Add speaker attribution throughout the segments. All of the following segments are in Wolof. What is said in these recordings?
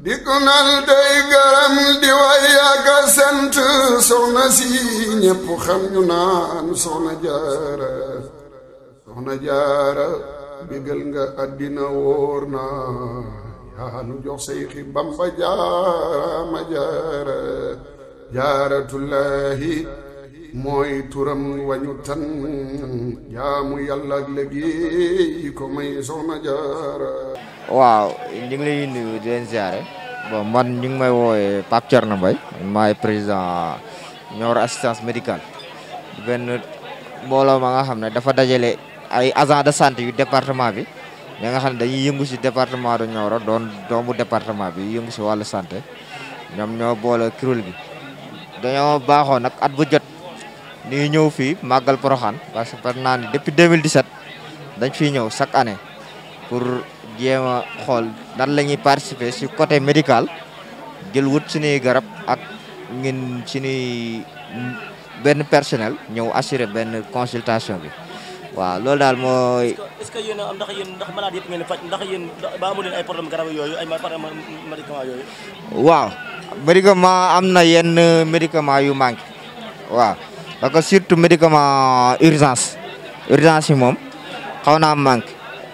Speaker 1: di gunal day garam di way ak sant si ñépp xam ñu naan soxna jaara soxna jaara bégal nga àddina wóor na yaa nu jox say xi bamba jaara ma jaara jaaratullahi mooy turam wañu tan jaamu yàlla ak léegi ko may soxna jaara
Speaker 2: waaw ñu ngi lay nuyu di bon man ñu ngi may wooye Pape na Mbaye maay président Nioro assistance médical benn mbooloo ma nga xam ne dafa dajale ay agent de santé yu département bi ñi nga xam ne dañuy yëngu si département de Nioro doon doomu département bi yëngu si wàllu santé ñoom ñoo boole kuréel bi dañoo baaxoo nag at bu jot ñu ngi ñëw fii màggal Porokhane parce que naa ni depuis dañ fi ñëw chaque année pour jéem a xool nan la participer si côté médical jël wut suñuy garab ak ngeen suñuy benn personnel ñëw assurer benn consultation bi waaw loolu daal mooy. ba amu leen ay problème garab yooyu ay médicament am na yenn médicament yu manqué waaw. parce que surtout médicament urgence urgence yi moom xaw naa manque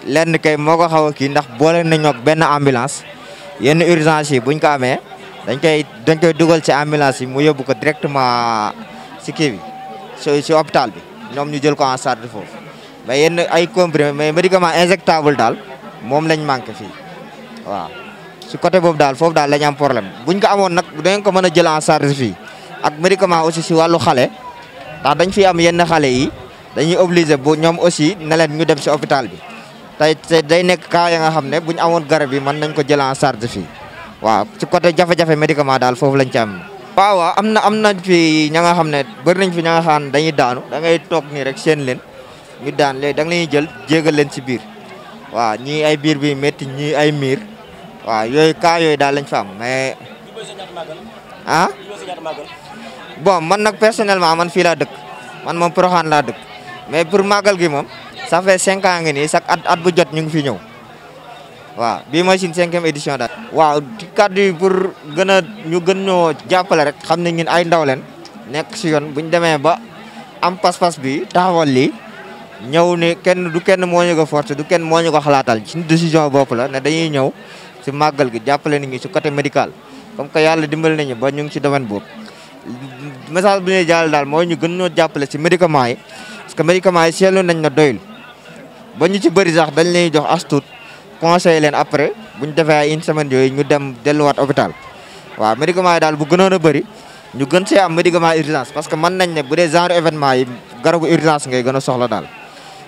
Speaker 2: lenn kay moo ko xaw a kii ndax boole nañu benn ambulance yenn urgence yi buñ ko amee dañ koy dañ koy dugal ci ambulance yi mu yóbbu ko directement si kii bi si si hôpital bi ñoom ñu jël ko en charge foofu mais yenn ay comprimé mais médicament injectable daal moom lañ manqué fii waaw si côté boobu daal foofu daal lañ am problème buñ ko amoon nag dinañ ko mën a jël en charge fii ak médicament aussi si wàllu xale. ndax dañ fi am yenn xale yi dañuy obligé bu ñoom aussi ne leen ñu dem si hôpital bi tey te day nekk cas ya nga xam ne bu ñu amoon garab yi mën nañ ko jël en charge fii waaw ci côté jafe-jafe médicament daal foofu lañ ci am. waaw am na am na fi ña nga xam ne bëri nañ fi ña nga dañuy daanu da ngay toog nii rek seen leen ñu daan léegi da nga jël jéegal leen si biir waaw ñii ay biir bi métti ñii ay miir waaw yooyu ka yooyu daal lañ fa am ah bon man nag personnellement man fii laa dëkk man moom Porokhane laa dëkk mais pour màggal gi moom ça fait cinq ans ngi nii chaque at at bu jot ñu ngi fi ñëw waaw bii mooy suñu cinquième édition daal. waaw kàddu yi pour gën a ñu gën ñoo jàppale rek xam ne ñun ay ndaw leen nekk si yoon bu ñu demee ba am pas-pas bi taxawal lii ñëw ne kenn du kenn moo ñu ko forcé du kenn moo ñu ko xalaatal suñu décision bopp la ne dañuy ñëw si màggal gi jàppale nit ñi si côté médical. comme que yàlla dimbali nañu ba ñu ngi ci domaine boobu message bu ñuy jàll daal mooy ñu gën ñoo jàppale si médicament yi parce que médicament yi nañ na doyul ba ñu ci bëri sax dañ leen jox astut conseil leen après bu ñu defee ay une yooyu ñu dem delluwaat hôpital waaw médicament yi daal bu gënoon a bëri ñu gën see am médicament urgence parce que man nañ ne bu dee genre événement yi garabu urgence nga gën a soxla daal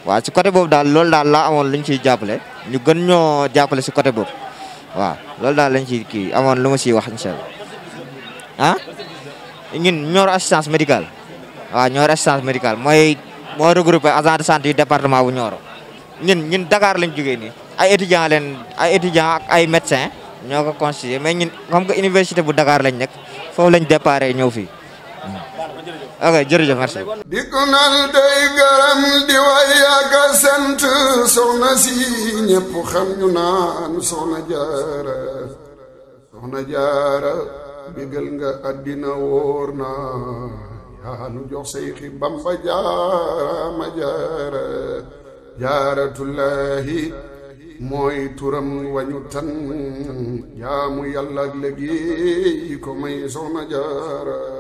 Speaker 2: waaw si côté boobu daal loolu daal la amoon lu ñu ciy jàppale ñu gën ñoo jàppale si côté boobu waaw loolu daal lañ ci kii amoon lu ma siy wax incha allah ah ñun Nioro assistance médicale waaw Nioro assistance médicale mooy moo regroupé agent de santé département bu Nioro ñun ñun Dakar lañ jógee nii ay étudiants leen ay étudiants ak ay médecins ñoo ko constitué mais ñun bu Dakar lañ nekk foofu lañ déparé ñëw fii ok jërëjëf merci.
Speaker 1: di ko nal day garam di way ak sant soxna si ñëpp xam ñu naan soxna jaara soxna jaara nga àddina wóor na yaa nu jox say xi bamba jaara ma jaara jaaratullahi mooy turam wañu tan jaamu yàlla ak léegi ko may soxna jaara